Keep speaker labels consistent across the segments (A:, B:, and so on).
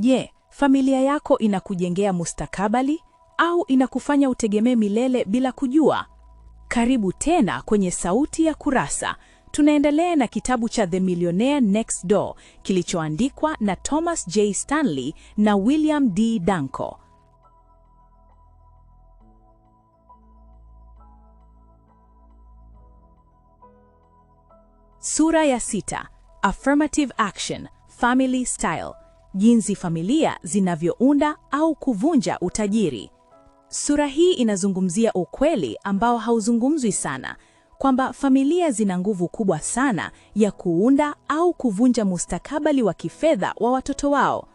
A: Je, familia yako inakujengea mustakabali au inakufanya utegemee milele bila kujua? Karibu tena kwenye Sauti ya Kurasa. Tunaendelea na kitabu cha The Millionaire Next Door kilichoandikwa na Thomas J. Stanley na William D. Danko. Sura ya sita: Affirmative Action, Family Style jinsi familia zinavyounda au kuvunja utajiri. Sura hii inazungumzia ukweli ambao hauzungumzwi sana, kwamba familia zina nguvu kubwa sana ya kuunda au kuvunja mustakabali wa kifedha wa watoto wao.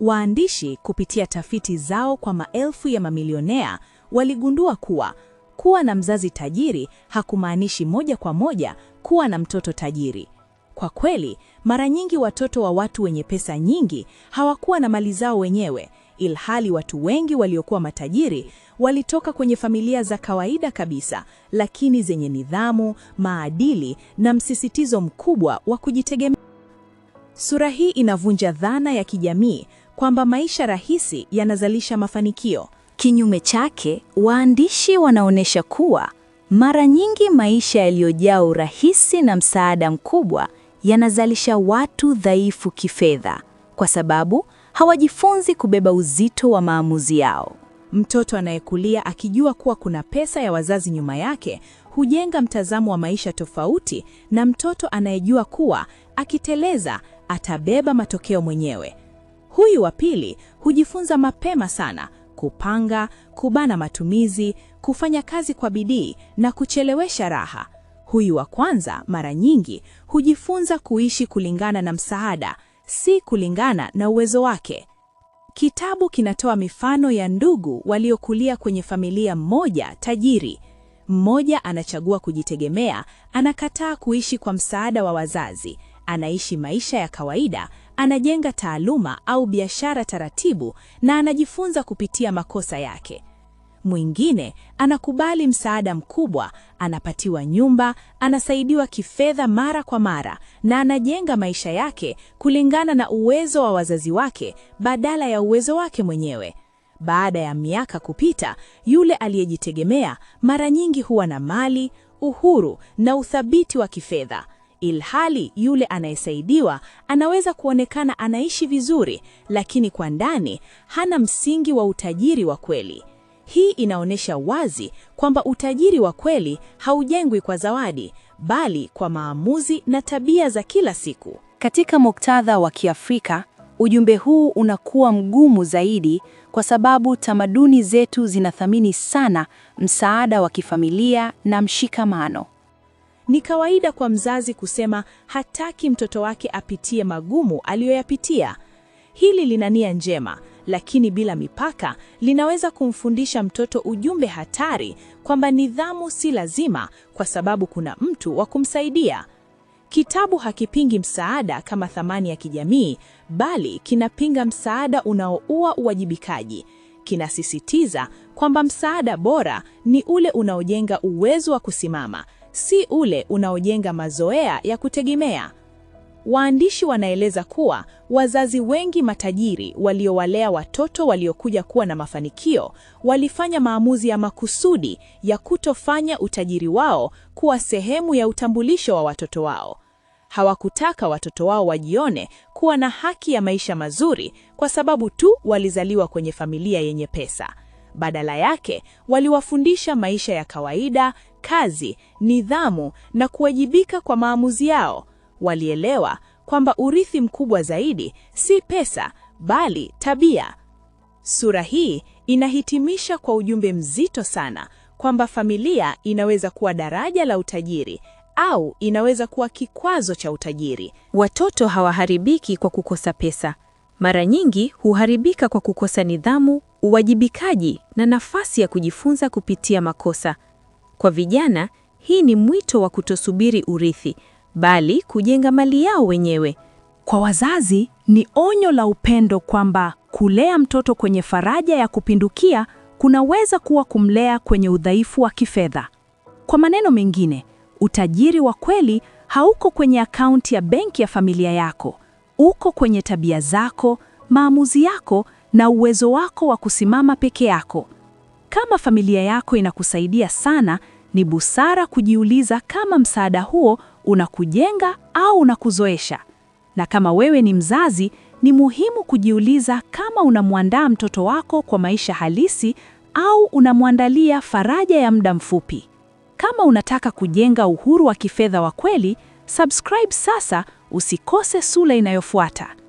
A: Waandishi kupitia tafiti zao kwa maelfu ya mamilionea waligundua kuwa kuwa na mzazi tajiri hakumaanishi moja kwa moja kuwa na mtoto tajiri. Kwa kweli, mara nyingi watoto wa watu wenye pesa nyingi hawakuwa na mali zao wenyewe, ilhali watu wengi waliokuwa matajiri walitoka kwenye familia za kawaida kabisa, lakini zenye nidhamu, maadili na msisitizo mkubwa wa kujitegemea. Sura hii inavunja dhana ya kijamii kwamba maisha rahisi yanazalisha mafanikio. Kinyume chake, waandishi wanaonyesha kuwa mara nyingi maisha yaliyojaa urahisi na msaada mkubwa yanazalisha watu dhaifu kifedha kwa sababu hawajifunzi kubeba uzito wa maamuzi yao. Mtoto anayekulia akijua kuwa kuna pesa ya wazazi nyuma yake hujenga mtazamo wa maisha tofauti na mtoto anayejua kuwa akiteleza atabeba matokeo mwenyewe. Huyu wa pili hujifunza mapema sana kupanga, kubana matumizi, kufanya kazi kwa bidii na kuchelewesha raha. Huyu wa kwanza mara nyingi hujifunza kuishi kulingana na msaada, si kulingana na uwezo wake. Kitabu kinatoa mifano ya ndugu waliokulia kwenye familia moja tajiri. Mmoja anachagua kujitegemea, anakataa kuishi kwa msaada wa wazazi, anaishi maisha ya kawaida, anajenga taaluma au biashara taratibu na anajifunza kupitia makosa yake. Mwingine anakubali msaada mkubwa, anapatiwa nyumba, anasaidiwa kifedha mara kwa mara na anajenga maisha yake kulingana na uwezo wa wazazi wake badala ya uwezo wake mwenyewe. Baada ya miaka kupita, yule aliyejitegemea mara nyingi huwa na mali, uhuru na uthabiti wa kifedha, ilhali yule anayesaidiwa anaweza kuonekana anaishi vizuri, lakini kwa ndani hana msingi wa utajiri wa kweli. Hii inaonyesha wazi kwamba utajiri wa kweli haujengwi kwa zawadi, bali kwa maamuzi na tabia za kila siku. Katika muktadha wa Kiafrika, ujumbe huu unakuwa mgumu zaidi kwa sababu tamaduni zetu zinathamini sana msaada wa kifamilia na mshikamano. Ni kawaida kwa mzazi kusema hataki mtoto wake apitie magumu aliyoyapitia. Hili lina nia njema, lakini bila mipaka linaweza kumfundisha mtoto ujumbe hatari kwamba nidhamu si lazima kwa sababu kuna mtu wa kumsaidia. Kitabu hakipingi msaada kama thamani ya kijamii, bali kinapinga msaada unaoua uwajibikaji. Kinasisitiza kwamba msaada bora ni ule unaojenga uwezo wa kusimama, si ule unaojenga mazoea ya kutegemea. Waandishi wanaeleza kuwa wazazi wengi matajiri waliowalea watoto waliokuja kuwa na mafanikio walifanya maamuzi ya makusudi ya kutofanya utajiri wao kuwa sehemu ya utambulisho wa watoto wao. Hawakutaka watoto wao wajione kuwa na haki ya maisha mazuri kwa sababu tu walizaliwa kwenye familia yenye pesa. Badala yake, waliwafundisha maisha ya kawaida, kazi, nidhamu na kuwajibika kwa maamuzi yao. Walielewa kwamba urithi mkubwa zaidi si pesa bali tabia. Sura hii inahitimisha kwa ujumbe mzito sana kwamba familia inaweza kuwa daraja la utajiri au inaweza kuwa kikwazo cha utajiri. Watoto hawaharibiki kwa kukosa pesa. Mara nyingi huharibika kwa kukosa nidhamu, uwajibikaji na nafasi ya kujifunza kupitia makosa. Kwa vijana, hii ni mwito wa kutosubiri urithi bali kujenga mali yao wenyewe. Kwa wazazi ni onyo la upendo kwamba kulea mtoto kwenye faraja ya kupindukia kunaweza kuwa kumlea kwenye udhaifu wa kifedha. Kwa maneno mengine, utajiri wa kweli hauko kwenye akaunti ya benki ya familia yako, uko kwenye tabia zako, maamuzi yako na uwezo wako wa kusimama peke yako. Kama familia yako inakusaidia sana ni busara kujiuliza kama msaada huo unakujenga au unakuzoesha. Na kama wewe ni mzazi, ni muhimu kujiuliza kama unamwandaa mtoto wako kwa maisha halisi au unamwandalia faraja ya muda mfupi. Kama unataka kujenga uhuru wa kifedha wa kweli, subscribe sasa usikose sura inayofuata.